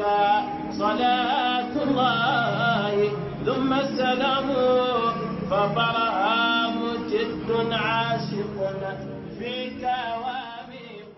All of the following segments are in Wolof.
عليك صلاة الله ثم السلام فطرها مجد عاشق فيك واميق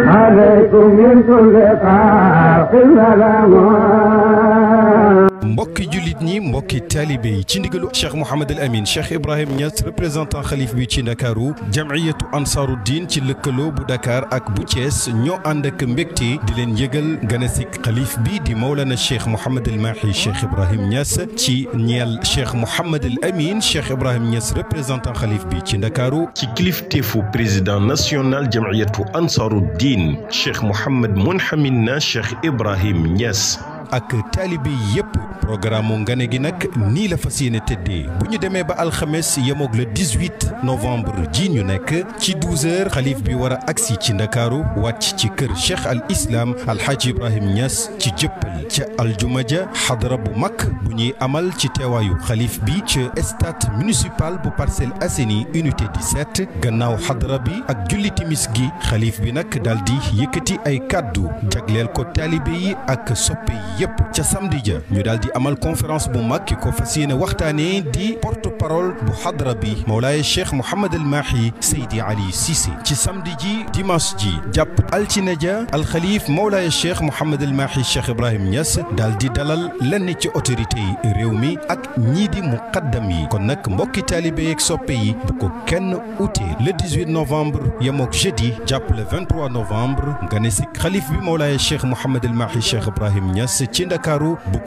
عليكم من كل قاص سلام mbokki jullit ñi mbokki taalibe yi ci ndigalu cheikh Mouhamadul Amin cheikh Ibrahim Niass représentant xalif bi ci ndakaaru jamiyatu ansaaru diin ci lëkkaloo bu Dakar ak bu Thiès ñoo ànd ak mbégte di leen yëgal ganasik xalif bi di Mawlana cheikh Mouhamadul Mahi cheikh Ibrahim Niass ci ñeel cheikh Mouhamadul Amin cheikh Ibrahim Niass représentant xalif bi ci ndakaaru ci kilifteefu président national jamiyatu ansaaru diin cheikh Mouhamad Mounhamin na cheikh Ibrahim Niass. ak taalibe yépp programme ngane gi nag nii la fas yéene tëddee bu ñu demee ba alxames yemoog le 18 novembre ji ñu nekk ci 12h bi war a agsi ci ndakaaru wàcc ci kër cheikh al islam alxaaji ibrahim Niass ci jëppal ca aljuma ja xadara bu mag bu ñuy amal ci teewaayu xalif bi ca stade municipal bu Parcelles Assainies unité set gannaaw xadara bi ak julli timis gi xalif bi nag daal di yëkkati ay kàddu jagleel ko taalibe yi ak soppe yi yëpp ca samedi ja ñu daal di amal conférence bu mag ki ko fas waxtaanee di porte parole bu xadra bi Mawlaaye Cheikh Mouhamed El Mahi Seydi Ali Cissé ci samedi ji dimanche ji jàpp altine ja alxalif Mawlaaye Cheikh Mouhamed El Mahi Cheikh Ibrahim ñas daal di dalal lenn ci autorité yi réew mi ak ñii di muqaddam yi kon nag mbokki taalibe yeeg soppe yi bu ko kenn ute le 18 novembre yemook jeudi jàpp le 23 novembre nga ne si xalif bi Mawlaaye Cheikh Mouhamed El Mahi a Ibrahim Niass ci ndakaaru bu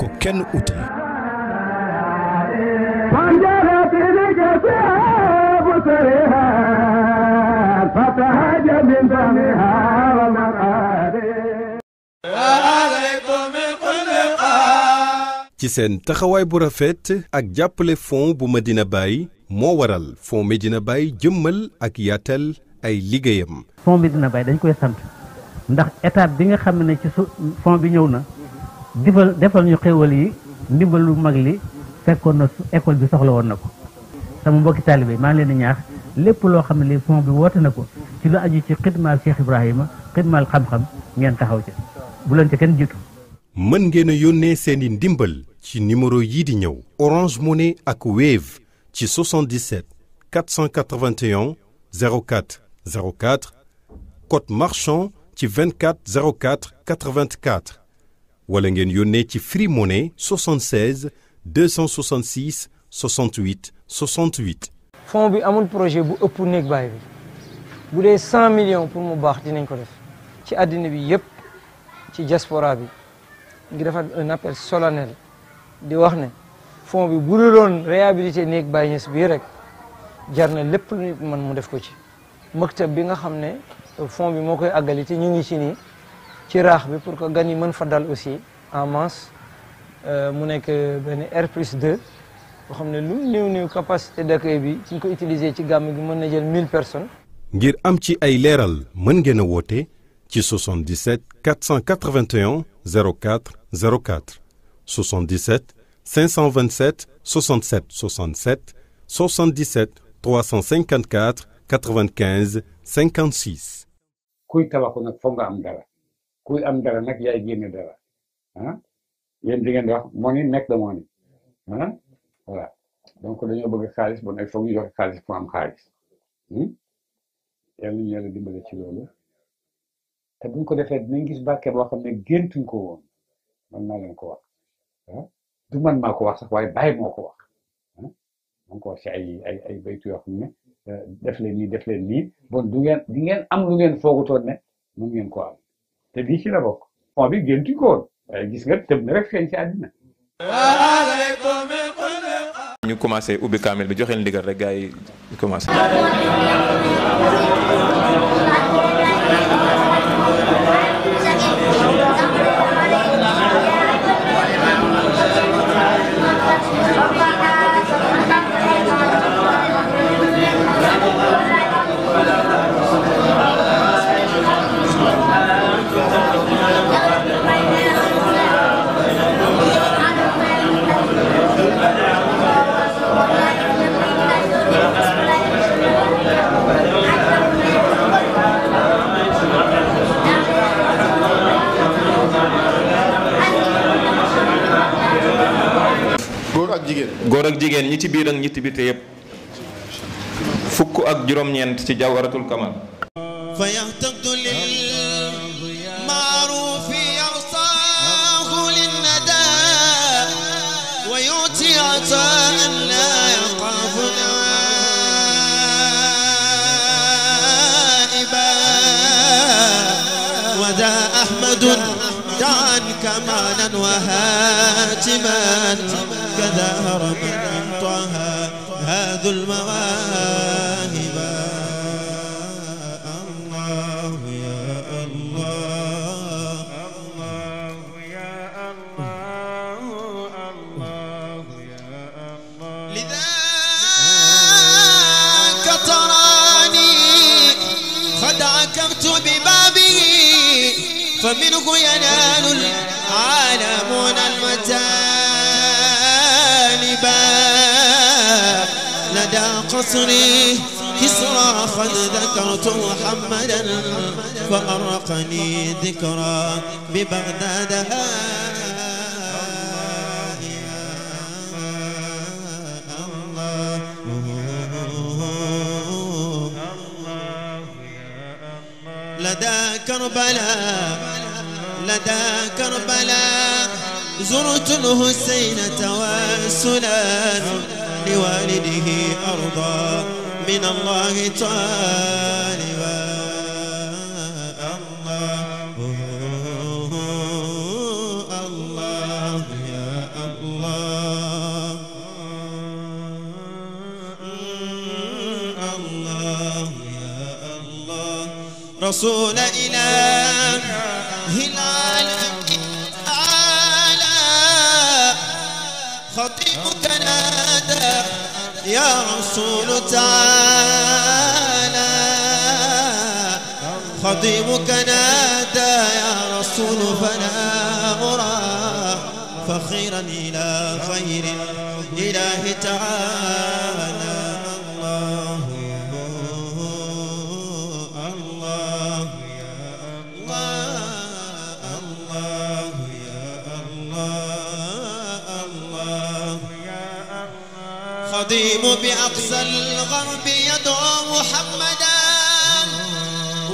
seen taxawaay bu rafet ak jàppale fonds bu Medina Baye moo waral fonds Medina Baye jëmmal ak yaatal ay liggéeyam. fonds Medina Baye dañ koy sant ndax état bi nga xam ne ci su bi ñëw na. difal defal ñu xéwal yi ndimbal lu mag li fekkoon na école bi soxla woon na ko sama mbokki taalibe maa ngi leen di ñaax lépp loo xam ne li fond bi woote na ko ci lu aju ci xidmaal Cheikh Ibrahima xidmaal xam-xam ngeen taxaw ca bu leen ca kenn jiitu mën ngeen a yónnee seeni ndimbal ci numéro yii di ñëw Orange Money ak Wave ci 77 481 04 04 code marchand ci 24 04 84 wala ngeen yónnee ci Free Money 76 266 68 68. fond bi amul projet bu ëpp néeg baay bi bu dee 100 millions pour mu baax dinañ ko def ci àddina bi yëpp ci jaspora bi ngi defar un appel di wax ne fond bi bu doon réhabilité néeg baay ñes bii rek jar na lépp nit man mu def ko ci mëktab bi nga xam ne fon bi moo koy àggali te ñu ngi ci nii. ci raax bi pour que gan yi mën fa dal aussi en masse euh, mu nekk benn R plus 2 boo xam ne lu néew néew capacité d'accueil bi suñ ko utiliser ci gàmm gi mën na jël 1000 personnes. ngir am ci ay leeral mën ngeen a woote ci 77 481 04 04 77 527 67 67 77 354 95 56. kuy tabaxu nag foog nga am dara. kuy am dara nag yaay génne dara ah yéen di ngeen wax money nekk da money ah voilà donc dañoo bëgg xaalis bon il faut ñu joxe xaalis pour am xaalis hmm? yàlla ñu yàlla dimbale ci loolu te buñ ko defee dinañ gis barke boo xam ne géntuñ ko woon man maa leen ko wax ah du man maa ko wax sax waaye bàyyi moo ko wax ah ko wax ci ay ay ay baytu yoo xam ne eh, def leen nii def leen nii bon du ngeen du ngeen am lu ngeen foogutoon ne mun ngeen ko am. te bii la bokk fond bi géntu ko woon waaye gis nga tëb na rek feeñ ci àddina ñu commencer ubbi kaamil bi joxeel ndigal rek gars yi commencé góor ak jigéen ñi ci biir ak ñi ci biti yépp fukk ak juróom-ñeent ci jawharatul kamal fa yaxtaqdu lil maarufi awsaahu linnada wa yuti ataan كمانا وهاتما كذا هرما طه هذا المواهب الله يا الله الله يا الله الله يا الله لذاك تراني قد عكفت ببابه فمنه ينال قصري كسرى قد ذكرت محمدا فأرقني ذكرى ببغداد لدى كربلاء لدى كربلاء زرت الحسين تواسلا ولوالده أرضى من الله طالبا الله الله يا الله الله يا الله رسول الرسول تعالى خطيبك نادى يا رسول فلا أرى فخيرا إلى خير الإله تعالى قديم بأقصى الغرب يدعو محمدا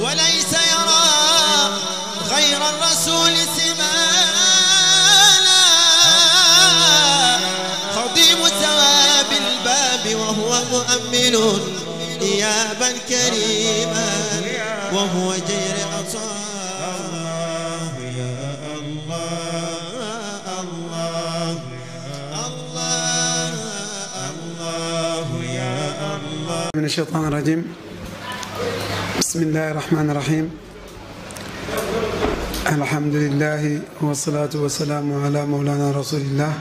وليس يرى غير الرسول سمانا قديم ثواب الباب وهو مؤمن إيابا كريما وهو جيرا الشيطان الرجيم بسم الله الرحمن الرحيم الحمد لله والصلاة والسلام على مولانا رسول الله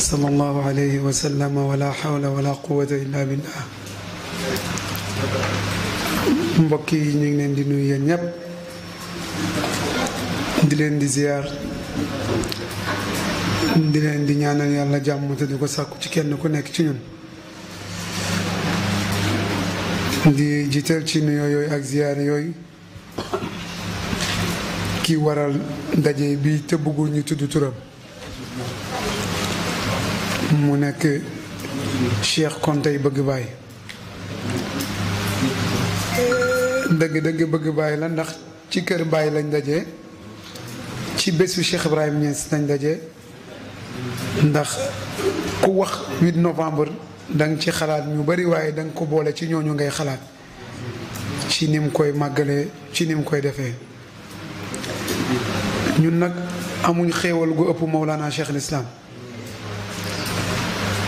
صلى الله عليه وسلم ولا حول ولا قوة إلا بالله mbokk yi ñu ngi leen di nuyu yéen ñëpp di leen di ziyaar di leen di ñaanal yàlla jàmm te di ko sàkku ci kenn ku nekk ci ñun di jiital ci nuyoo yooyu ak ziyaar yooyu ki waral ndaje bi te bëggul ñu tudd turam mu nekk Cheikh Kontey bëgg baay dëgg dëgg bëgg baay la ndax ci kër baay lañ daje ci bésu Cheikh Ibrahim Niass lañ daje ndax ku wax 8 novembre danga ci xalaat ñu bari waaye danga ko boole ci ñooñu ngay xalaat ci nim koy màggale ci nim koy defee ñun nag amuñ xéewal gu ëpp Mawlana Cheikh Lislaam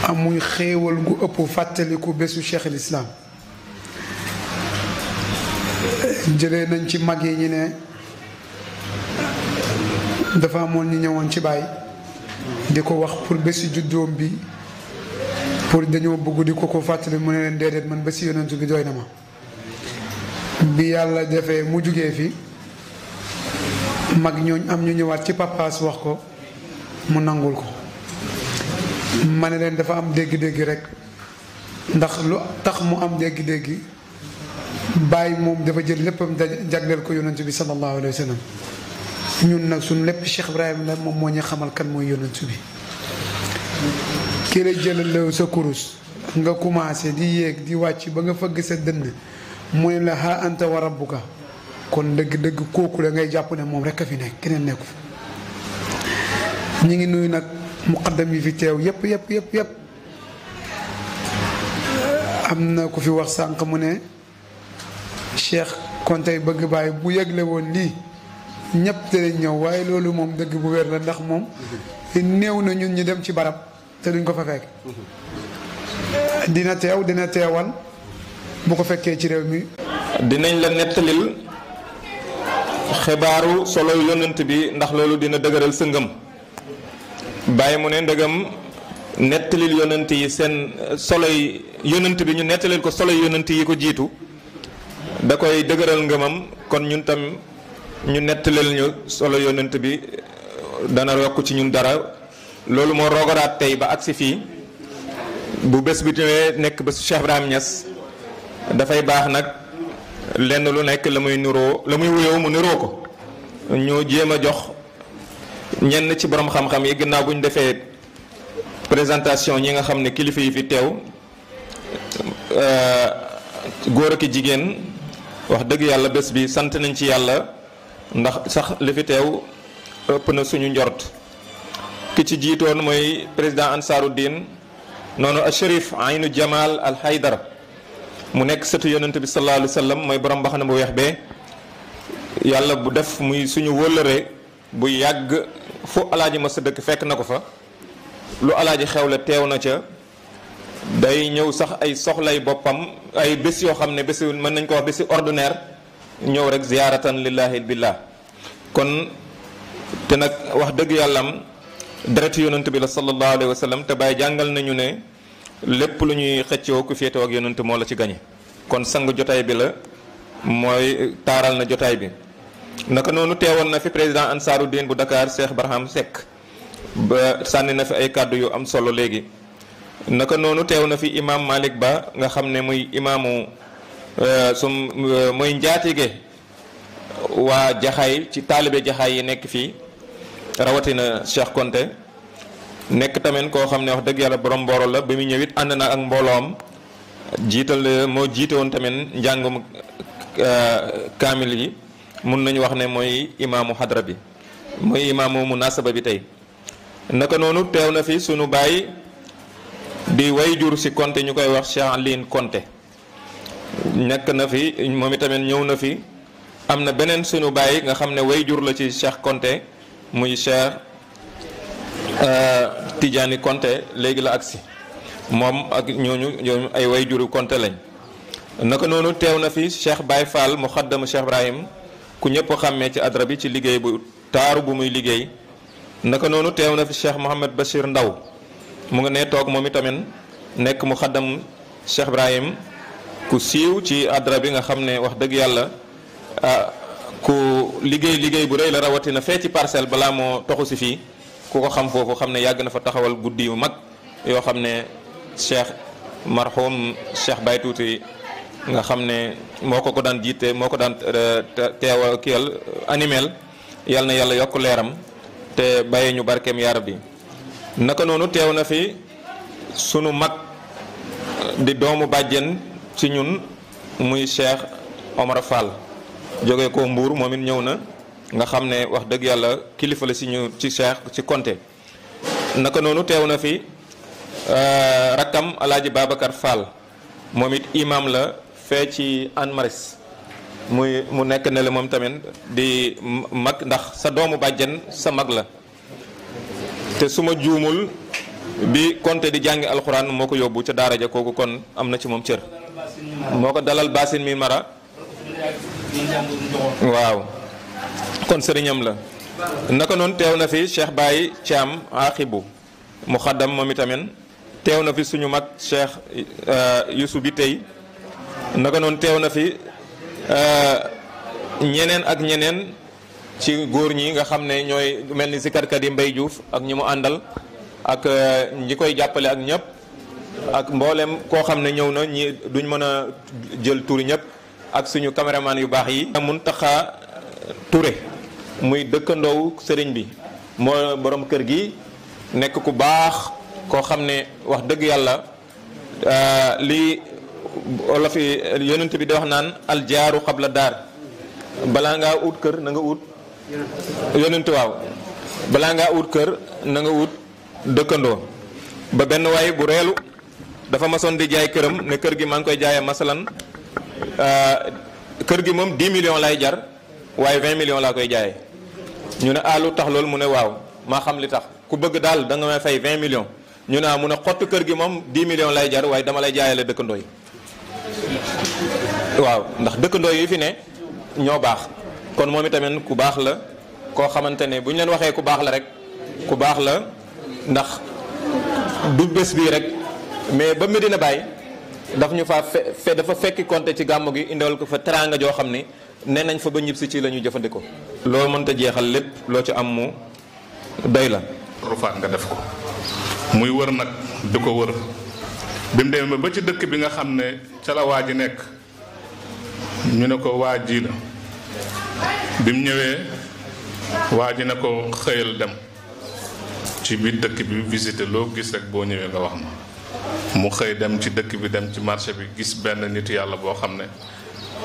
amuñ xéewal ëpp fàttaliku bésu Cheikh Lislaam nañ ci mag yi ñu ne dafa amoon ñu ñëwoon ci baay di ko wax pour bésu juddoom bi pour dañoo bëgg di ko ko fàttali mu ne leen déedéet man ba si yonent bi doy na ma bi yàlla defee mu jugee fi mag ñooñ am ñu ñëwaat ci pàppaas wax ko mu nangul ko ma ne leen dafa am dégg-dégg rek ndax lu tax mu am dégg-dégg bàyyi moom dafa jël léppam jagleel ko yonent bi sallallahu alayhi wa ñun nag suñ lépp Cheikh Ibrahim la moom moo ñu xamal kan mooy yonent bi kii la jëlal sa kurus nga commencé di yéeg di wàcc ba nga fëgg sa dënn mu ne la ha anta wa rabbuka kon dëgg-dëgg kooku la ngay jàpp ne moom rek a fi nekk keneen nekku fa ñu ngi nuyu nag muqaddam yi fi teew yëpp yëpp yëpp yëpp am na ku fi wax sànq mu ne Cheikh tey bëgg bàyyi bu yëgle woon lii ñëpp dinañ ñëw waaye loolu moom dëgg bu wér la ndax moom mm-hmm. néew na ñun ñu dem ci barab te duñ ko fa fekk. dina teew dina teewal bu ko fekkee ci réew mi. dinañ la nettalil xibaaru solo yonent bi ndax loolu dina dëgëral sa ngëm bàyyi mu ne ndëgam nettalil yonent yi seen euh, soloy yonent bi ñu nettalil ko solo yonent yi ko jiitu da koy dëgëral ngëmam kon ñun tam ñu nettalil ñu solo yonent bi dana yokk ci ñun dara. loolu moo rogodaat tey ba agsi fii bu bés bi ñëwee nekk bésu Cheikh Ibrahim Niass dafay baax nag lenn lu nekk la muy niroo la muy wuyoo mu niroo ko ñoo jéem a jox ñenn ci borom xam-xam yi gannaaw bu ñu defee présentation ñi nga xam ne kilifa yi fi teew euh, góor ak jigéen wax dëgg yàlla bés bi sant nañ ci yàlla ndax sax li fi teew ëpp na suñu njort. ki ci jiitoon mooy président diin noonu Chérif Aynu Jamal al Haydar mu nekk sëtu yonent bi sallallahu alayhi wa sallam mooy borom mbaxana bu weex bee yàlla bu def muy suñu wëllëre bu yàgg fu alaaji ma sa dëkk fekk na ko fa lu alaaji xew la teew na ca day ñëw sax ay soxlay boppam ay bés yoo xam ne bési mën nañ ko wax bési ordinaire ñëw rek ziyaaratan lillahi billah kon te nag wax dëgg yàllam deretu yonent bi la sallallahu alayhi wa sallam te bàyyi jàngal nañu ne lépp lu ñuy xëccoo ku féetewoo ak yonent moo la ci gañe kon sangu jotaay bi la mooy taaral na jotaay bi naka noonu teewoon na fi président ansaaru diin bu Dakar Cheikh Barham Seck ba sànni na fi ay kàddu yu am solo léegi naka noonu teew na fi imam Malik Ba nga xam ne muy imaamu euh, su euh, muy njaatige waa jaxaay ci taalibe jaxaay yi nekk fii rawatina Cheikh Konté nekk tamit koo xam ne wax dëgg yàlla borom mbooro la ba muy it ànd na ak mbooloom jiital moo jiite woon tamit njàngum euh, kaamil yi mun nañu wax ne mooy imaamu xadra bi mooy imaamu munasaba bi tey naka noonu teew na fi suñu baay di way jur si Konté ñu koy wax Cheikh Aline Konté nekk na fi moom itamit ñëw na fi am na beneen sunu baay nga xam ne way jur la ci Cheikh Konté muy Cheikh euh, Tidiane Konté léegi la agsi moom ak ñooñu ñooñu ay way juru Konté lañ naka noonu teew na fi Cheikh Baye Fall mu xaddamu Cheikh Ibrahim ku ñëpp xàmmee ci adra bi ci liggéey bu taaru bu muy liggéey naka noonu teew na fi Cheikh Mouhamed Bachir Ndaw mu ngi ne toog moom itamit nekk mu xaddam Cheikh Ibrahim ku siiw ci adra bi nga xam ne wax dëgg yàlla ah, ku liggéey liggéey bu rey la rawatina fee ci parcelle balaa moo toxu si fii ku ko xam foofu xam ne yàgg na fa taxawal guddi yu mag yoo xam ne cheikh marhum cheikh Baye Tuuti nga xam ne moo ko ko daan jiite moo ko daan euh, teewal kiyal euh, animel yal na yàlla yokk leeram te bàyyi ñu barkeem yaara bi naka noonu teew na fi sunu mag di doomu bàjjen ci ñun muy cheikh Omar Fall jóge ko Mbour moom it ñëw na nga xam ne wax dëgg yàlla kilifa la si ñu ci Cheikh ci Konté naka noonu teew na fi euh, rakkam alaaji Babacar Fall moom it imaam la fee ci Hann Maristes muy mu nekk ne la moom tamit di mag ndax sa doomu bàjjen sa mag la te su ma juumul bi Konté di jàngi alxuraan moo ko yóbbu ca daara ja kooku kon am na ci moom cër moo ko dalal Bassine mi mara waaw kon sëriñam la naka noon teew na fi Cheikh Baye Thiam Axibu mu xaddam moom itamit teew na fi suñu mag Cheikh euh, Youssou bi tey naka noon teew na fi euh, ñeneen ak ñeneen ci góor ñi nga xam ne ñooy mel ni si sikarkat yi Mbay Juuf ak ñi mu àndal ak euh, ñi koy jàppale ak ñépp ak mboolem koo xam ne ñëw na ñi duñ mën a jël turi ñëpp ak suñu caméraman yu baax yi taxa ture muy dëkkandoo sëriñ bi moo boroom kër gi nekk ku baax koo xam ne wax dëgg yàlla euh, li olof yi yonent bi di wax naan aljaaru xabla daar balaa ngaa wut kër nanga wut ut balaa ngaa ut kër na nga ut dëkkandoo ba benn waay bu reelu dafa masoon di jaay këram ne kër gi maa ngi koy jaayee masalan Euh, kër gi moom 10 millions lay jar waaye vingt millions laa koy jaayee ñu ne ah tax loolu mu ne waaw maa xam li tax ku bëgg daal da nga may fay 20 millions ñu ne ah mu ne xottu kër gi moom 10 millions lay jar waaye dama lay jaayee la dëkkandoo yi waaw ndax dëkkandoo yi fi ne ñoo baax kon moom itamit ku baax la koo xamante ne bu ñu leen waxee ku baax la rek ku baax la ndax du bés bii rek mais ba dina bàyyi daf ñu faa dafa fekki konte ci gàmmu gi indiwal ko fa teraanga joo xam ne nee nañ fa ba ñib ci lañuy jëfandikoo. loo mënta jeexal lépp loo ci am mu day la. rufaat nga def ko muy wër nag di ko wër bi mu demee ba ci dëkk bi nga xam ne ca la waa ji nekk ñu ne ko waa ji la bi mu ñëwee waa ji ne ko xëyal dem ci biir dëkk bi visité loo gis rek boo ñëwee nga wax ma. mu xëy dem ci dëkk bi dem ci marché bi gis benn nitu yàlla boo xam ne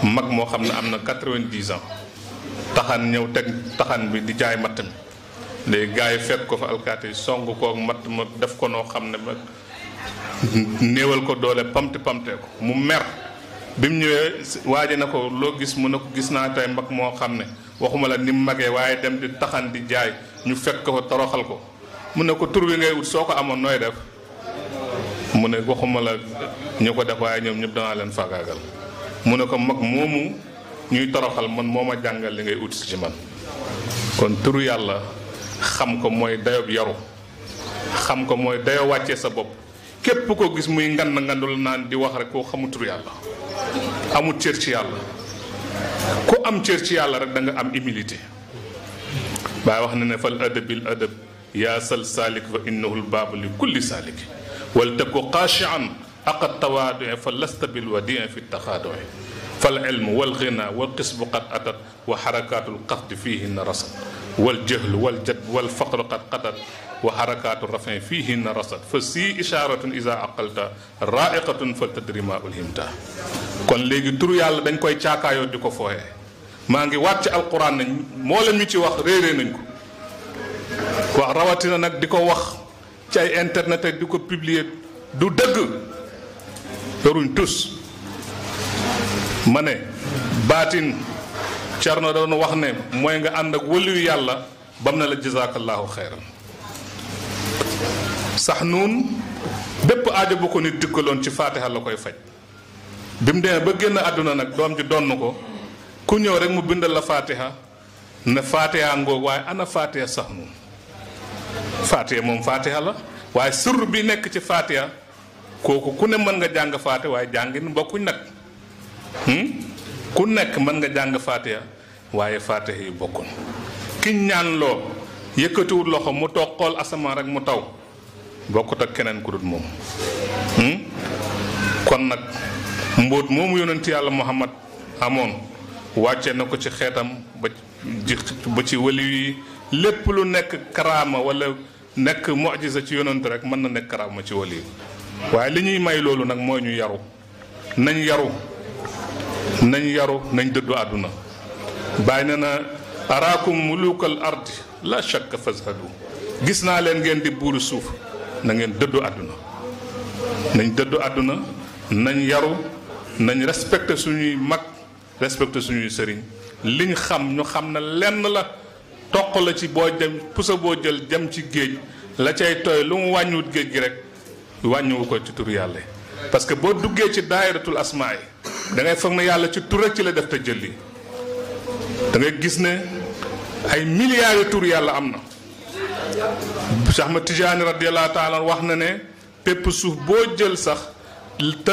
mag moo xam ne am na quatre-vingt-dix ans taxan ñëw teg taxan bi di jaay matt mi léegi gars yi fekk ko fa alkaati song kook matt ma def ko noo xam ne ba néewal ko doole pamte pamte ko mu mer bi mu ñëwee waaji na ko loo gis mu ne ko gis naa tey mag moo xam ne waxuma la ni mu magee waaye dem di taxan di jaay ñu fekk ko toroxal ko mu ne ko tur wi ngay wut soo ko amoon nooy def mu ne waxuma la ñu ko def waaye ñoom ñëpp danaa leen faagaagal mu ne ko mag moomu ñuy toroxal man moo ma jàngal li ngay ut si ci man kon turu yàlla xam ko mooy dayob yaru xam ko mooy dayo wàcce sa bopp képp ko gis muy ngand ngandul naan di wax rek koo xamu turu yàlla amul cër ci yàlla ku am cër ci yàlla rek da am humilité baay wax na ne fal adab bil adab yaa saalik fa innahul baab kulli saalik wal taku xaashian aqad tawaadue fa lasta bil wadii fi taxaadue fal ilmu wal xina wal xisbu qad atat wa xarakaatul xafdi fiihinna rasat wal jëhlu wal jad wal faqru qad qatat wa xarakaatu rafin fiihinna rasat fa sii ishaaratun isa aqalta raaiqatun fal tadrima ulhimta kon léegi tur yàlla dañ koy caakaayoo di ko fooye maa ngi wàcc alquran nañ moo la ñu ci wax réeree nañ ko wax rawatina nag di ko wax ci ay internet ak di ko publier du dëgg yoruñ tus ma ne baatin Cerno doon wax ne mooy nga ànd ak wëliyu yàlla bam na la jazaakallaahu xeyran sax nuun bépp ajo bu ko nit dikkaloon ci faatiha la koy faj bi mu demee ba génn àdduna nag doom ji donn ko ku ñëw rek mu bindal la faatiha ne faatiha ngoog waaye ana faatiha sax nuun faatiha moom faatiha la waaye sur bi nekk ci faatiha kooku ku ne mën nga jàng faatiha waaye jàngi jàngin bokkuñ nag hmm? ku nekk mën nga jàng faatiha waaye faatiha yi bokkuñ ki ñaan loo yëkkatiwul loxo mu toog xool asamaan rek mu taw bokkut ak keneen ku dut moom hmm? kon nag mbóot moomu yonent yàlla muhammad amoon wàcce na ko ci xeetam ba ci ba yi lépp lu nekk karaama wala nekk mu'jiza ci yonent rek mën na nekk karaama ci wali waaye li ñuy may loolu nag mooy ñu yaru nañ yaru nañ yaru nañ dëddu àdduna bàyyi na na araakum mulukal ardi la shakka fazhadu gis naa leen ngeen di buuru suuf na ngeen dëddu àdduna nañ dëddu àdduna nañ yaru nañ respecté suñuy mag respecté suñuy sëriñ liñ xam ñu xam na lenn la toq la ci boo dem pusa boo jël dem ci géej la cay tooy lu mu wàññiwut géej gi rek wàññiwu ko ci tur yàlla parce que boo duggee ci daayiratul asmaa yi da ngay foog ne yàlla ci tur rek ci la def te jël li da ngay gis ne ay milliards yu tur yàlla am na Cheikh Ahmad Tijaani radiyallahu wax na ne pépp suuf boo jël sax te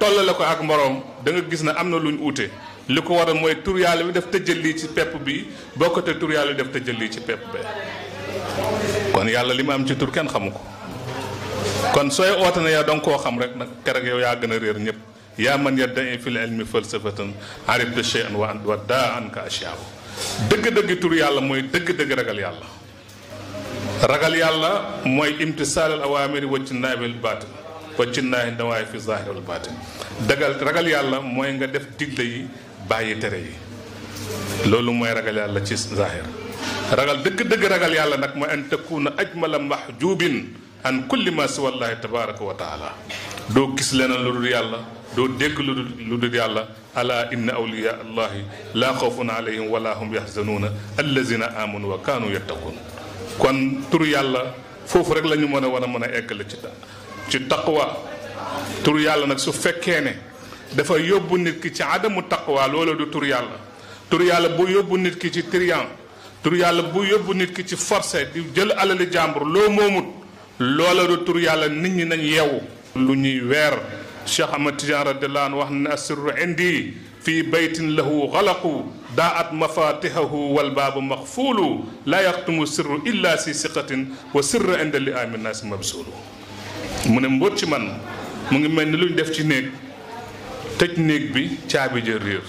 tollale ko ak moroom danga gis ne am na lu luñ uute li ko waral mooy tur yàlla bi def lii ci pepp bi bokkate tur yàlla bi def lii ci pepp be kon yàlla li mu am ci tur kenn xamu ko kon sooy oote na yow da koo xam rek nag keroog yow yaa gën a réer ñëpp yaa man yadda'i fil ilmi falsafatan arifta shay'an wa daa anka ashyaahu dëgg-dëgg tur yàlla mooy dëgg-dëgg ragal yàlla ragal yàlla mooy imtisaal al awaamiri wa jtinaabil baatil wa jtinaabi nawaay fi zaahir baatin dagal ragal yàlla mooy nga def digle yi bàyyi tere yi loolu mooy ragal yàlla ci zahir ragal dëgg-dëgg ragal yàlla nag mooy an takuna ajmala mahjubin an kulli ma si wallahi tabaraka wa taala doo gis leneen lu dul yàlla doo dégg lu dul lu dul yàlla ala inna awliya allahi la xawfun alayhim wala hum yahzanuuna allazina amanu wa kaanu yattaquun kon tur yàlla foofu rek la ñu mën a war a mën a eggale ci ci taqwa tur yàlla nag su fekkee ne dafa yóbbu nit ki ci adamu taqwa loola du tur yàlla tur yàlla bu yóbbu nit ki ci trian tur yàlla bu yóbbu nit ki ci forcé di jël alali jàmbur loo moomut loola du tur yàlla nit ñi nañ yeewu lu ñuy weer Cheikh Ahmad Tidiane radiallahu wax na asirru indi fii baytin lahu xalaqu daa at wal baabu maxfuulu laa yaxtumu sirru illa si siqatin wa sirru inda li amin naasi mabsuulu mu ne mbóot ci man mu ngi mel ni lu ñu def ci néeg tëj néeg bi caabi ja réer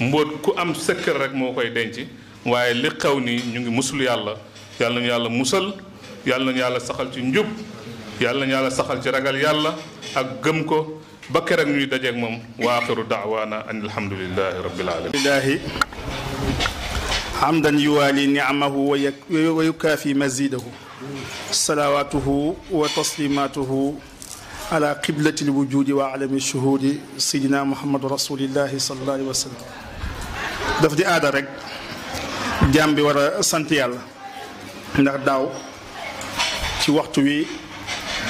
mbóot ku am sëkkër rek moo koy denc waaye li xew nii ñu ngi musul yàlla yàlla nañu yàlla musal yàlla yàlla saxal ci njub yàlla nañu saxal ci ragal yàlla ak gëm ko ba keroog ñuy dajeeg moom waa wa axiru ani an alhamdulilahi rabbil alamin hamdan yuwaali niamahu wa yukaafi mazidahu salawaatuhu wa taslimaatuhu ala qiblati lwujudi wa alami shuhudi sayidina muhammadu rasulillahi sallallahu alayhi wa sallam daf di aada rek jaam bi war a sant yàlla ndax daaw ci waxtu wi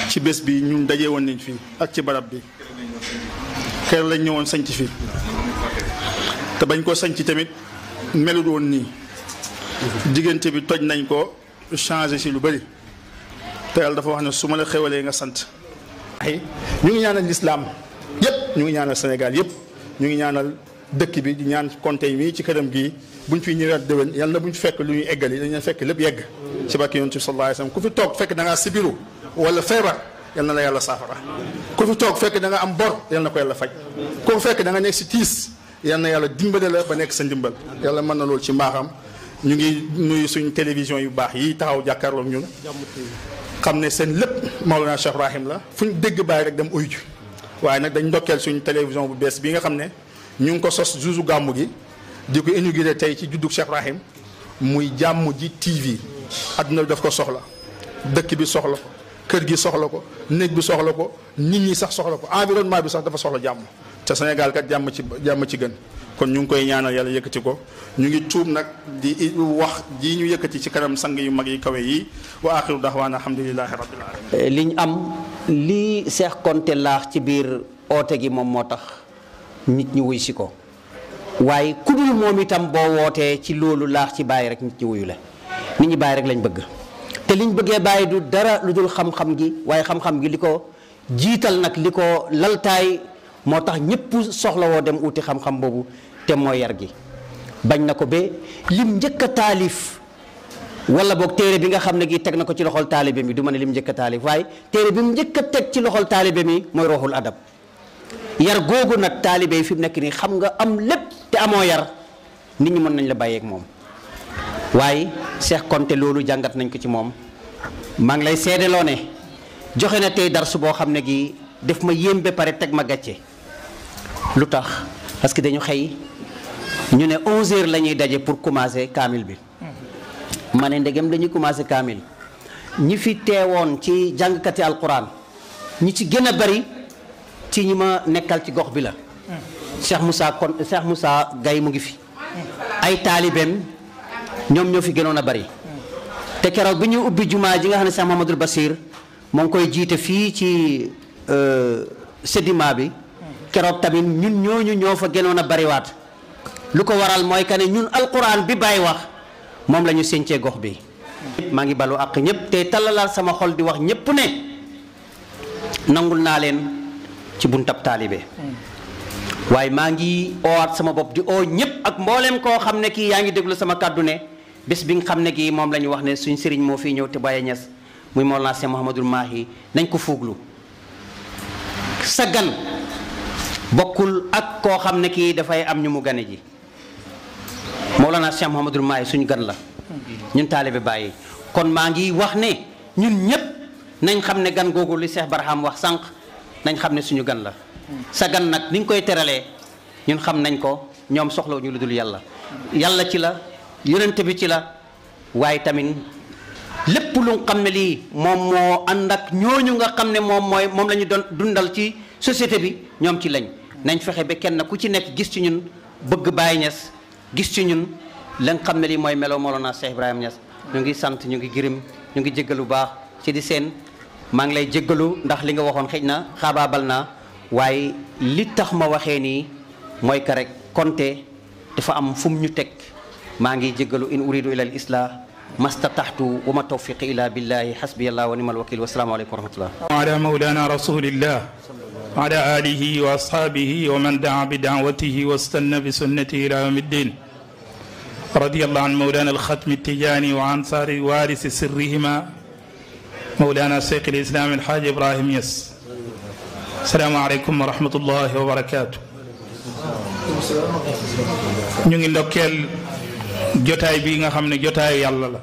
ci bés bi ñun daje woon nañ fi ak ci barab bi kër lañ ñëwoon sanc fi te bañ ko sanc tamit melut woon nii diggante bi toj nañ ko changé si lu bëri te yàlla dafa wax ne su ma la xewalee nga sant yàq ñu ngi ñaanal lislaam yëpp ñu ngi ñaanal Sénégal yëpp ñu ngi ñaanal dëkk bi di ñaan konte yi ci këram gii buñ fi ñëwaat déwén yàlla na buñ fekk lu eggal yi dañu fekk lépp yegg ci barke yonent bi sallallahu ku fi toog fekk dangaa ngaa sibiru wala feebar yal na la yàlla saafara ku fi toog fekk da am bor yal na ko yàlla faj ku fi fekk da nekk si tiis yal na yàlla dimbale la ba nekk sa ndimbal yàlla mën na lool ci mbaaxam ñu ngi nuyu suñ télévision yu baax yi taxaw jàkkaarloo ñun xam ne seen lépp Maolana Cheikh Ibrahim la fu ñu dégg bàyyi rek dem uyu waaye nag dañ ndokkeel suñu télévision bu bees bi nga xam ne ñu ngi ko sos juusu gàmmu gi di ko inauguré tey ci juddu Cheikh Ibrahim muy jàmm ji TV àdduna bi daf ko soxla dëkk bi soxla ko kër gi soxla ko néeg bi soxla ko nit ñi sax soxla ko environnement bi sax dafa soxla jàmm te Sénégal kat jàmm ci jàmm ci gën. kon ñu ngi koy ñaanal yàlla yëkkati ko ñu ngi tuub nag di wax ji ñu yëkkati ci kanam sang yu mag yi kawe yi wa axiru daxwaana alhamdulilahi rabbil alamin li ñu am lii Seex Konte laax ci biir oote gi moom moo tax nit ñi wuy si ko waaye ku dul moom itam boo wootee ci loolu laax ci bàyyi rek nit ñi wuyu la nit ñi bàyyi rek lañ bëgg te liñ bëggee bàyyi du dara lu dul xam-xam gi waaye xam-xam gi li ko jiital nag li ko laltaay moo tax ñëpp soxlawoo dem uti xam boobu te mooy yar gi bañ na ko ba lim njëkk a taalif wala boog téere bi nga xam ne gi teg na ko ci loxol taalibe mi du ma ne lim njëkk a taalif waaye téere bi njëkk a teg ci loxol taalibe mi mooy roxul adab yar googu nag taalibe yi nekk nii xam nga am lépp te amoo yar nit ñi mën nañ la bàyyeeg moom waaye Cheikh Konté loolu jàngat nañ ko ci moom maa ngi lay seedeloo ne joxe na tey darsu boo xam ne gi def ma yéem ba pare teg ma gàcce lu tax parce que dañu xëy ñu ne 11h la daje pour commencer kaamil bi ma ndegem dañuy commencer kaamil ñi fi teewoon ci jàngkati alquran ñi ci gën a bari ci ñi ma nekkal ci gox bi la. Cheikh Moussa kon Cheikh Moussa gay mu ngi fi. ay taalibeem ñoom ñoo fi gënoon a bari. te keroog bi ñu ubbi jumaa ji nga xam ne Cheikh Mahamadul Basir moo ngi koy jiite fii ci euh, sédiment bi. keroog tamit ñun ñooñu ñoo fa gënoon a bariwaat. lu ko waral mooy que ne ñun alquran bi bàyyi wax moom la ñu sencee gox bi maa ngi balu ak ñëpp te tallalal sama xol di wax ñëpp ne nangul naa leen ci buntab taalibe waaye maa ngi oowaat sama bopp di oo ñëpp ak mboolem koo xam ne kii yaa ngi déglu sama kàddu ne bés bi nga xam ne kii moom la wax ne suñ sëriñ moo fii ñëw te Baye Niass muy Mawlana Cheikh Mouhamadoul Mahi nañ ko fuuglu sa gan bokkul ak koo xam ne kii dafay am ñu mu gane ji Mawlana Cheikh Mouhamadul Mahi suñu gan la ñun taalibe bàyyi kon maa ngi wax ne ñun ñëpp nañ xam ne gan googu li Cheikh Barham wax sànq nañ xam ne suñu gan la sa gan nag ni koy teralee ñun xam nañ ko ñoom soxlaw ñu lu dul yàlla yàlla ci la yonent bi ci la waaye tamit lépp lu xam ne lii moom moo ànd ak ñooñu nga xam ne moom mooy moom la ñu doon dundal ci société bi ñoom ci lañ nañ fexe ba kenn ku ci nekk gis ci ñun bëgg Baay Ñas gis ci ñun la xam ne lii mooy melo Mawlana Cheikh Ibrahima Niass ñu ngi sant ñu ngi gërëm ñu ngi jéggalu lu baax ci di seen maa ngi lay jéggalu ndax li nga waxoon xëj na xaabaabal na waaye li tax ma waxee ni mooy que rek konte dafa am fu mu ñu teg maa ngi jéggalu in uridu ila al islah mastataxtu wa ma tawfiqi ila billahi xasbiyallah wa nimal wakil wasalaamualeykum wa rahmatullah ala mawlana rasulillah wa ala alihi wa ashabihi wa man daa bi wa stanna bi sunnati ila yawmi radiyallahu an mawlana alxatmi tijaani wa ansaari waarisi sirrihima mawlana cheikh alislaam alxaaji Ibrahim Niass salaamaaleykum wa rahmatullahi wa barakaatu ñu ngi ndokkeel jotaay bi nga xam ne jotaayu yàlla la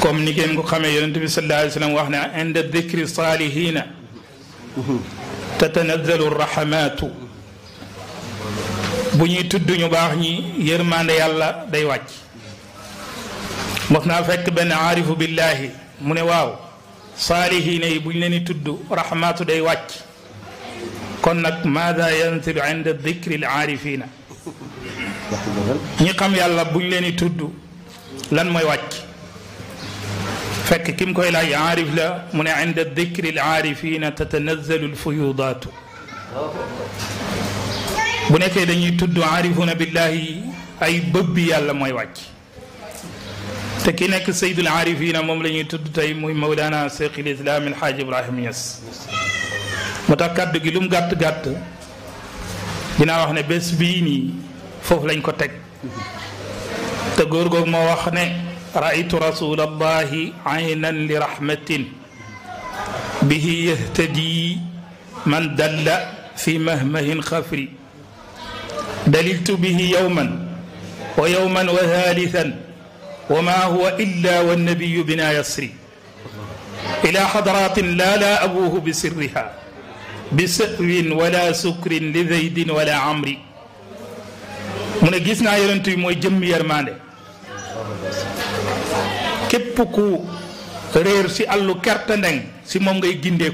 comme ni ngeen ko xamee yonent bi sallallahu alayhi wa sallam wax ne inda dikri saalihiina tatanazzalu rahamaatu bu ñuy tudd ñu baax ñi yërmande yàlla day wàcc mos naa fekk benn aarifu billaahi mu ne waaw saalihiina yi bu ñu leen di tudd rahmaatu day wàcc kon nag maada yanzilu inda dikri l aarifiina ñi xam yàlla bu ñu leen di tudd lan mooy wàcc fekk ki mu koy laaj aarif la mu ne inda dikri l aarifiina tatanazzalu l fuyudaatu bu nekkee dañuy tudd aarifuna billahi ay bëbbi yàlla mooy wàcc te ki nekk saydul aarifina moom la ñuy tudd tey mooy mawlaana cheikh al islam El Hadj Ibrahima Niass tax kàddu gi lu mu gàtt gàtt dinaa wax ne bés bii nii foofu lañ ko teg te góor googu moo wax ne raaytu rasulallahi li rahmatin bihi yahtadi man dalla fi mahmahin xafri daliltu bihi yawman wa yawman wa thalithan wa ma huwa illa wa nabiyu bina yasri ila hadratin la la abuhu bi sirriha bi sahwin wala sukrin li zaydin wala amri mu ne gis naa yonent bi mooy jëmm yermande képp ku réer si àllu kerte ndeng si moom ngay gindee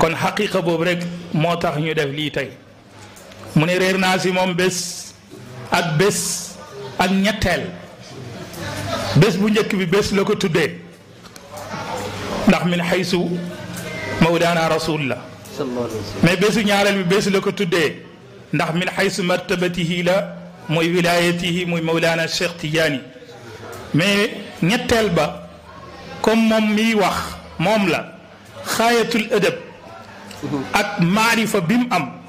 kon xaqiqa boobu rek moo tax ñu def lii tey mu ne réer naa si moom bés ak bés ak ñetteel bés bu njëkk bi bés la ko tuddee ndax min xaysu mawdaana rasul la mais bésu ñaareel bi bés la ko tuddee ndax min xaysu martabatihi la mooy wilayatihi muy mawlaana Cheikh Tidiane mais ñetteel ba comme moom miy wax moom la xaayatul ëdëb ak maarifa bi mu am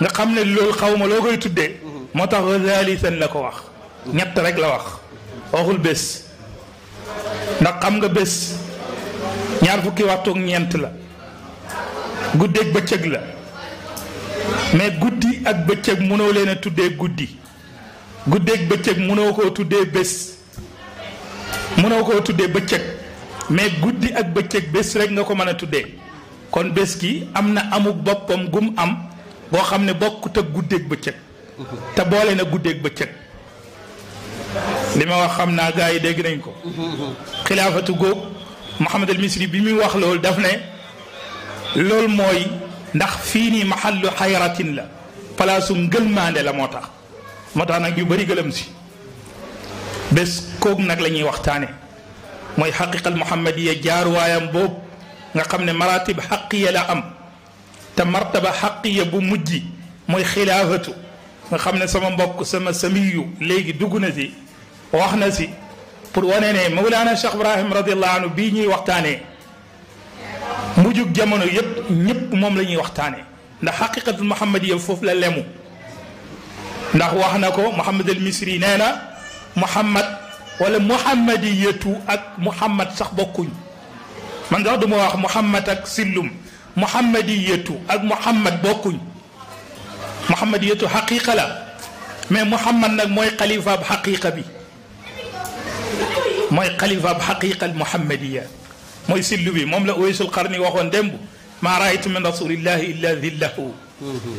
nga xam ne loolu xaw ma loo koy tuddee mhm. moo tax Ghazali seen la ko wax mhm. ñett rek la wax waxul bés ndax xam nga bés ñaar fukki waxtu ak ñeent la guddeeg bëccëg la mais guddi ak bëccëg mënoo leen a tuddee guddi guddeeg bëccëg mënoo koo tuddee bés mënoo koo tuddee bëccëg mais guddi ak bëccëg bés rek nga ko mën a tuddee kon bés gi am na amuk boppam gum am boo xam ne bokkut ak guddeeg bëccëg te boole na guddeeg bëccëg li ma wax xam naa gars yi dégg nañ ko xilaafatu góog Mouhamad al Misri bi muy wax loolu daf ne loolu mooy ndax fii nii mahallu xayratin la palaasu ngëlmaande la moo tax moo tax nag yu bari gëlëm si bés koog nag la ñuy waxtaane mooy xaqiqal muhammadiya jaar waayam boobu nga xam ne maratib xaqiya la am te martaba xaqiya bu mujj mooy xilaafatu nga xam ne sama mbokk sama samiyu léegi dugg na si wax na si pour wane ne Mawlana Cheikh Ibrahim radiallahu anhu bii ñuy waxtaanee mujjug jamono yëpp ñëpp moom la ñuy waxtaanee ndax xaqiqatul muhammadiya foofu la lemu ndax wax na ko Muhammad al Misri nee na Muhammad wala muhammadiyatu ak Muhammad sax bokkuñ man sax du ma wax Muhammad ak sillum muhammadiyatu ak muhammad bokkuñ muhammadiyatu xaqiqa la mais muhammad nag mooy xalifaab xaqiqa bi mooy xalifaab xaqiqa al muhammadiya mooy sillu bi moom la oysul xarni waxoon démb maa raaytu min rasulillahi illa dillahu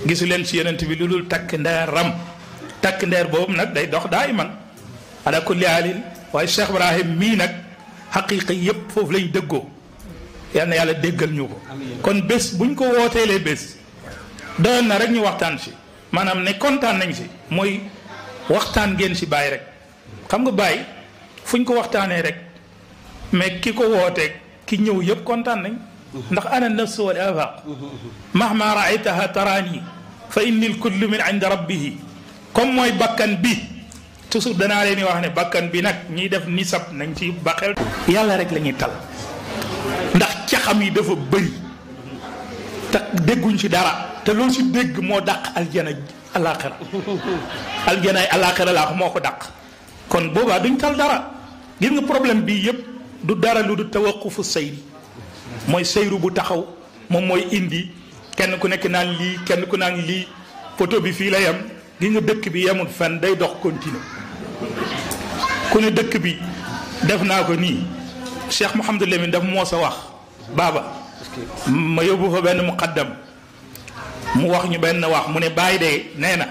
gisu leen si yonent bi lu dul takk ndeeram takk ndeer boobu nag day dox daay man ala kulli haalin waaye Cheikh Ibrahim mii nag xaqiqa yëpp foofu lañ dëggoo yal yàlla déggal ñu ko kon bés bu ñu ko wooteelee bés doyoon na rek ñu waxtaan si maanaam ne kontaan nañ si mooy waxtaan ngeen si bàyyi rek xam nga bàyyi fuñ ko waxtaanee rek mais ki ko wootee ki ñëw yëpp kontaan nañ ndax ana nafsu wal afaq mahma raaytaha taraani fa inni l kullu min inda rabbihi comme mooy bàkkan bi toujours danaa leen di wax ne bàkkan bi nag ñiy def nisab nañ ci baxel yàlla rek la ñuy tal ndax caxam yi dafa bari te dégguñ ci dara te loo ci dégg moo dàq aljana alaaxira aljanaay alaaxira laa ko moo ko dàq kon boobaa duñ tal dara gis nga problème bii yëpp du dara lu du tawaqufu sayri mooy sayru bu taxaw moom mooy indi kenn ku nekk naan lii kenn ku naan lii photo bi fii la yem gis nga dëkk bi yemul fenn day dox continuer ku ne dëkk bi def naa ko nii Cheikh Mouhamadou Lamine daf moo sa wax baaba ma yóbbu fa benn muqaddam mu wax ñu benn wax mu ne bàyyi de nee na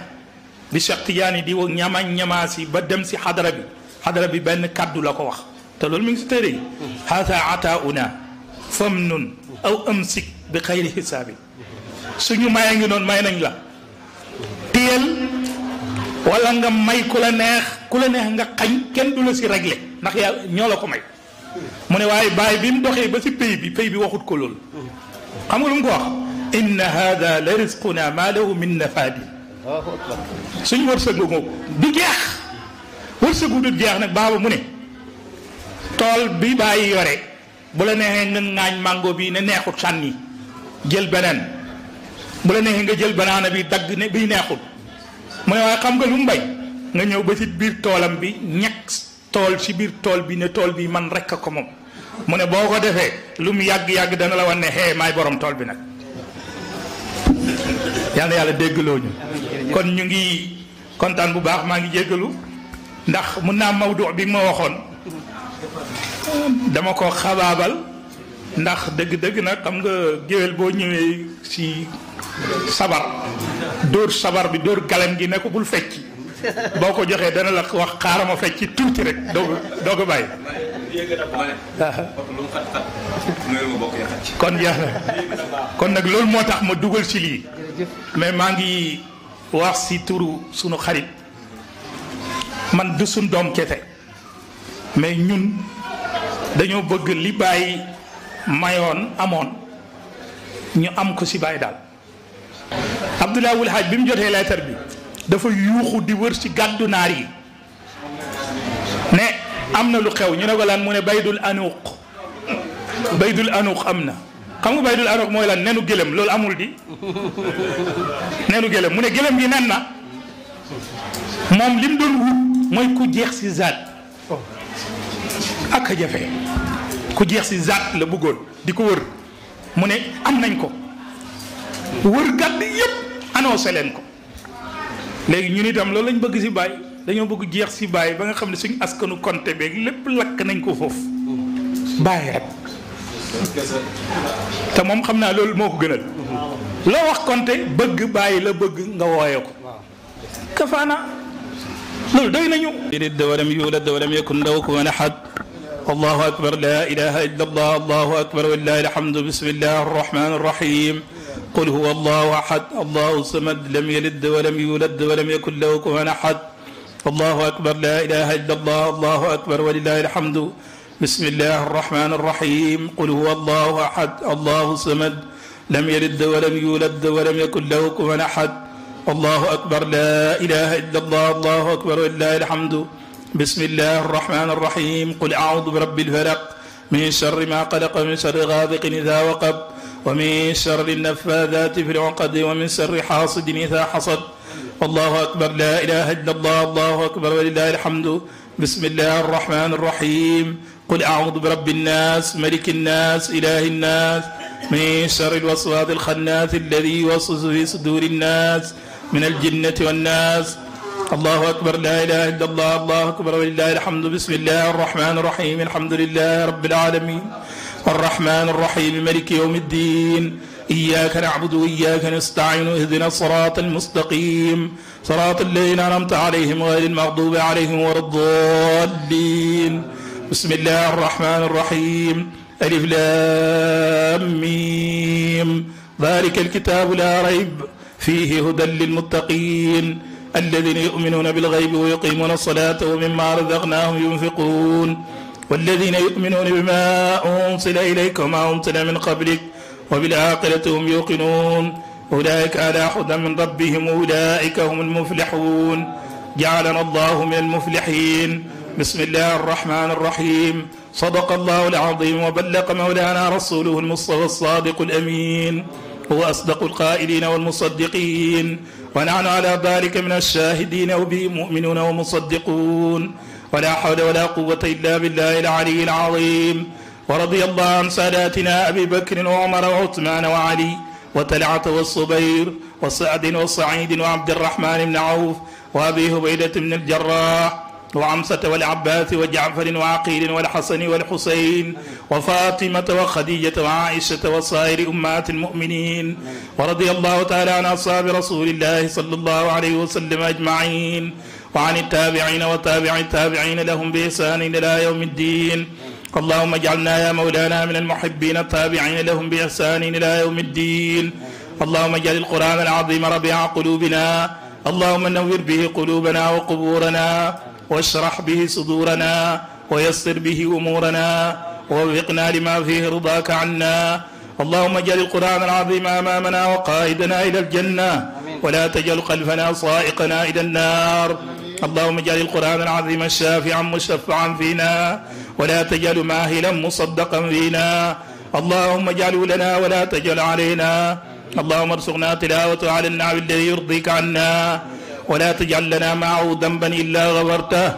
bi Cheikh Tidiane di ñama ñamaa si ba dem si xadara bi xadara bi benn kàddu la ko wax te loolu mi ngi si téere yi haata ataauna famnun aw amsik bi xayri xisaabi suñu maye ngi noonu may nañ la téyel walla nga may ku la neex ku la neex nga xañ kenn du la si réglé ndax yaa ñoo la ko may mu ne waaye baay bi mu doxee ba ci pay bi pay bi waxut ko loolu xam nga lu mu ko wax inna hada la risquna ma lahu min nafaadi suñu wërsëgu moom du jeex wërsëgu du jeex nag baaba mu ne tool bi bàyyi yore bu la neexee nga ŋaañ mango bi ne neexut sànni jël beneen bu la neexee nga jël banaana bi dagg ne bi neexut mu ne waaye xam nga lu mu bay nga ñëw ba si biir toolam bi ñekk tool ci biir tool bi ne tool bi man rekk a ko moom mu ne boo ko defee lu mu yàgg-yàgg dana la wan ne xee maay borom tool bi nag yal yàlla dégg ñu kon ñu ngi kontaan bu baax maa ngi jéggalu ndax mun naa mawdu bi ma waxoon dama ko xabaabal ndax dëgg-dëgg nag xam nga géwél boo ñëwee ci sabar dóor sabar bi dóor galam gi ne ko bul fecc boo ko joxee dana la wax xaaral ma fecc ci tuuti rek doo ko doo bàyyi. kon jeex na kon nag loolu moo tax ma dugal ci lii. mais maa ngi wax si turu suñu xarit man du suñ doom kete mais ñun dañoo bëgg li bàyyi mayoon amoon ñu am ko si bàyyi daal. Abdoulaye Wul Hadj bi mu jotee leetar bi. dafa yuuxu di wër ci gàddu naar yi ne am na lu xew ñu ne ko lan mu ne baydul anuuq baydul anuuq am na xam nga baydul anuuq mooy lan nenu gëlëm loolu amul di nenu gëlëm mu ne gëlëm gi nen na moom lim doon wut mooy ku jeex ci zaat ak jafe ku jeex ci zaat la bëggoon di ko wër mu ne am nañ ko wër gàdd yépp annoncé leen ko léegi ñu ñun itam loolu lañu bëgg si bàyyi dañoo bëgg jeex si bàyyi ba nga xam ne suñu askanu konte beeg lépp lakk nañ ko foofu bàyyi rek te moom xam naa loolu moo ko gënal loo wax konte bëgg bàyyi la bëgg nga wooye ko kafaana loolu doy nañu yulid walam yulad walam yakun lahu kufuwan ahad allahu akbar la ilaha illa allah allahu akbar alhamdu bismillah arrahman arrahim قل هو الله أحد الله الصمد لم يلد ولم يولد ولم يكن له كفوا أحد الله أكبر لا إله إلا الله الله أكبر ولله الحمد بسم الله الرحمن الرحيم قل هو الله أحد الله الصمد لم يلد ولم يولد ولم يكن له كفوا أحد الله أكبر لا إله إلا الله الله أكبر ولله الحمد بسم الله الرحمن الرحيم قل أعوذ برب الفلق من شر ما قلق من شر غاذق إذا وقب ومن شر النفاذات في العقد ومن شر حاصد إذا حصد الله أكبر لا إله إلا الله الله أكبر ولله الحمد بسم الله الرحمن الرحيم قل أعوذ برب الناس ملك الناس إله الناس من شر الوسواس الخناس الذي يوسوس في صدور الناس من الجنة والناس الله أكبر لا إله إلا الله الله أكبر ولله الحمد بسم الله الرحمن الرحيم الحمد لله رب العالمين الرحمن الرحيم ملك يوم الدين إياك نعبد وإياك نستعين اهدنا الصراط المستقيم صراط الذين أنعمت عليهم غير المغضوب عليهم ولا الضالين بسم الله الرحمن الرحيم ألف لام ميم ذلك الكتاب لا ريب فيه هدى للمتقين الذين يؤمنون بالغيب ويقيمون الصلاة ومما رزقناهم ينفقون والذين يؤمنون بما أنزل إليك وما أنزل من قبلك وبالآخرة هم يوقنون أولئك على هدى من ربهم أولئك هم المفلحون جعلنا الله من المفلحين بسم الله الرحمن الرحيم صدق الله العظيم وبلغ مولانا رسوله المصطفى الصادق الأمين هو أصدق القائلين والمصدقين ونحن على ذلك من الشاهدين وبه مؤمنون ومصدقون ولا حول ولا قوة إلا بالله العلي العظيم ورضي الله عن ساداتنا أبي بكر وعمر وعثمان وعلي وطلعة والصبير وسعد وسعيد وعبد الرحمن بن عوف وأبي هبيلة بن الجراح وعمسة والعباس وجعفر وعقيل والحسن والحسين وفاطمة وخديجة وعائشة وصائر أمهات المؤمنين ورضي الله تعالى عن أصحاب رسول الله صلى الله عليه وسلم أجمعين وعن التابعين وتابع التابعين لهم بإحسان إلى يوم الدين اللهم اجعلنا يا مولانا من المحبين التابعين لهم بإحسان إلى يوم الدين اللهم اجعل القرآن العظيم ربيع قلوبنا اللهم نور به قلوبنا وقبورنا واشرح به صدورنا ويسر به أمورنا ووفقنا لما فيه رضاك عنا اللهم اجعل القرآن العظيم أمامنا وقائدنا إلى الجنة ولا تجعل خلفنا صائقنا إلى النار اللهم اجعل القرآن العظيم الشافعا مشفعا فينا ولا تجعل ماهلا مصدقا فينا اللهم اجعله لنا ولا تجعل علينا اللهم ارزقنا تلاوته على النعم الذي يرضيك عنا ولا تجعل لنا معه ذنبا إلا غفرته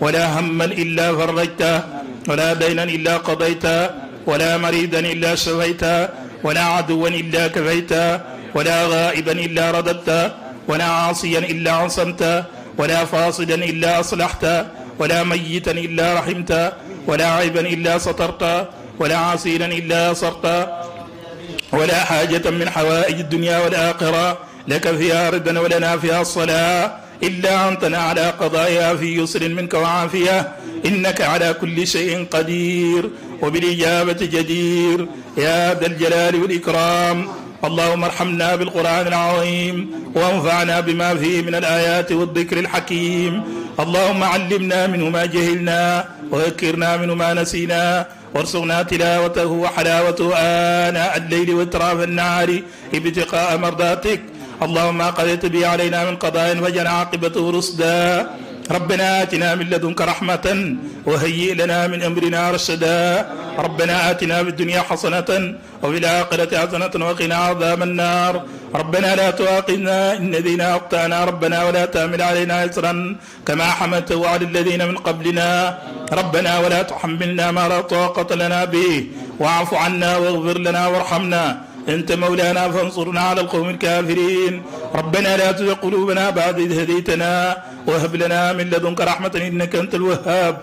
ولا هما إلا فرجته ولا دينا إلا قضيته ولا مريدا إلا شفيته ولا عدوا إلا كفيته ولا غائبا إلا رددت ولا عاصيا إلا عصمت ولا فاصلا إلا أصلحت ولا ميتا إلا رحمت ولا عيبا إلا سترت ولا عسيرا إلا يسرت ولا حاجة من حوائج الدنيا والآخرة لك فيها ردا ولنا فيها الصلاة إلا أنتنا على قضائها في يسر منك وعافية إنك على كل شيء قدير وبالإجابة جدير يا ذا الجلال والإكرام اللهم ارحمنا بالقرآن العظيم وانفعنا بما فيه من الآيات والذكر الحكيم اللهم علمنا منه ما جهلنا وذكرنا منه ما نسينا وارزقنا تلاوته وحلاوته آناء الليل وإطراف النهار ابتغاء مرضاتك اللهم ما قضيت به علينا من قضاء فجعل عاقبته رصدا ربنا آتنا من لدنك رحمة وهيئ لنا من أمرنا رشدا ربنا آتنا في الدنيا حسنة وفي الآخرة حسنة وقنا عذاب النار ربنا لا تؤاخذنا إن الذين أخطأنا ربنا ولا تحمل علينا إصرا كما حملته على الذين من قبلنا ربنا ولا تحملنا ما لا طاقة لنا به واعف عنا واغفر لنا وارحمنا أنت مولانا فانصرنا على القوم الكافرين ربنا لا تزغ قلوبنا بعد إذ هديتنا وهب لنا من لدنك رحمة إنك أنت الوهاب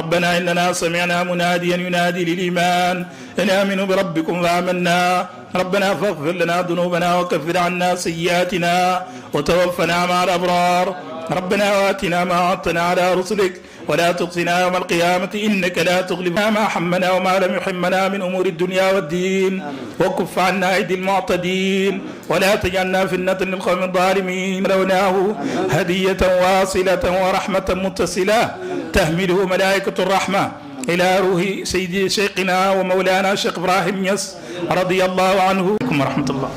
ربنا إننا سمعنا مناديا ينادي للإيمان أن آمنوا بربكم فآمنا ربنا فاغفر لنا ذنوبنا وكفر عنا سيئاتنا وتوفنا مع الأبرار ربنا واتنا ما أعطنا على رسلك ولا تخزنا يوم القيامة إنك لا تغلب ما حمنا وما لم يحمنا من أمور الدنيا والدين وكف عنا أيدي المعتدين ولا تجعلنا فتنة للقوم الظالمين لوناه هدية واصلة ورحمة متصلة تهمله ملائكة الرحمة إلى روح سيدي شيخنا ومولانا شيخ إبراهيم يس رضي الله عنه ورحمة الله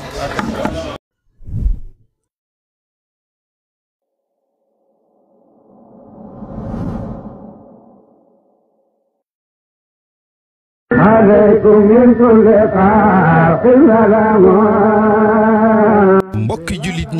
عليكم من كل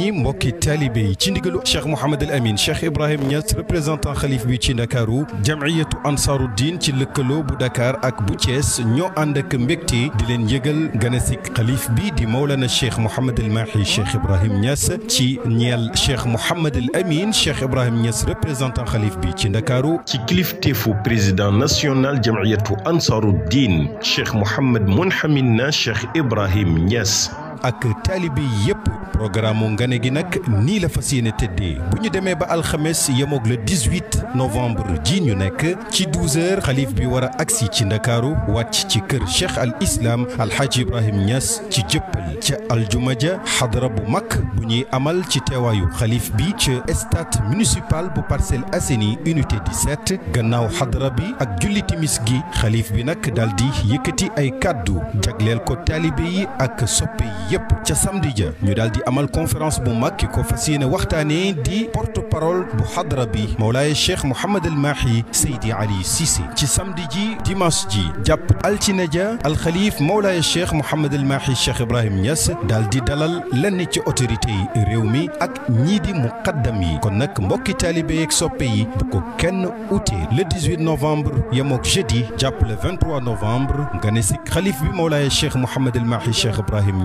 ñi mbokki taalibe yi ci ndigalu cheikh Mouhamed El Amin cheikh Ibrahim Niass représentant xalif ci ndakaaru jamiyatu ansaaru diin ci lëkkaloo bu Dakar ak bu Thiès ñoo ànd ak mbégte di leen yëgal ganasik xalif bi di Mawlana cheikh Mouhamed El Mahi cheikh Ibrahim Niass ci ñeel cheikh Mouhamed El Amin cheikh Ibrahim Niass représentant xalif bi ci ndakaaru ci kilifteefu président national jamiyatu ansaaru diin Chine Cheikh Mouhamed Mounhamin na Cheikh Ibrahim Niass ak taalibe yépp programme ngane gi nag nii la fas yéene tëddee bu ñu demee ba alxames yemoog le 18 novembre ji ñu nekk ci 12h xalif bi war a agsi ci ndakaaru wàcc ci kër cheikh al islam alxaaji ibrahim Niass ci jëppal ca aljuma ja xadara bu mag bu ñuy amal ci teewaayu xalif bi ca stade municipal bu Parcelles Assainies unité 17 gannaaw xadara bi ak julli timis gi xalif bi nag daal di yëkkati ay kàddu jagleel ko taalibe yi ak soppe yi yëpp ca samedi ja ñu daal di amal conférence bu mag ki ko fas yéene waxtaanee di porte parole bu xadra bi Mawlaaye Cheikh Mouhamed El Mahi Seydi Ali Cissé ci samdi ji dimanche ji jàpp altine ja alxalif Mawlaaye Cheikh Mouhamed El Mahi Cheikh Ibrahim ñas daal di dalal lenn ci autorité yi réew mi ak ñii di muqaddam yi kon nag mbokki taalibe yeeg soppe yi bu ko kenn ute le 18 novembre yemook jeudi jàpp le 23 novembre nga ne si xalif bi Mawlaaye Cheikh Mouhamed El Mahi Cheikh Ibrahim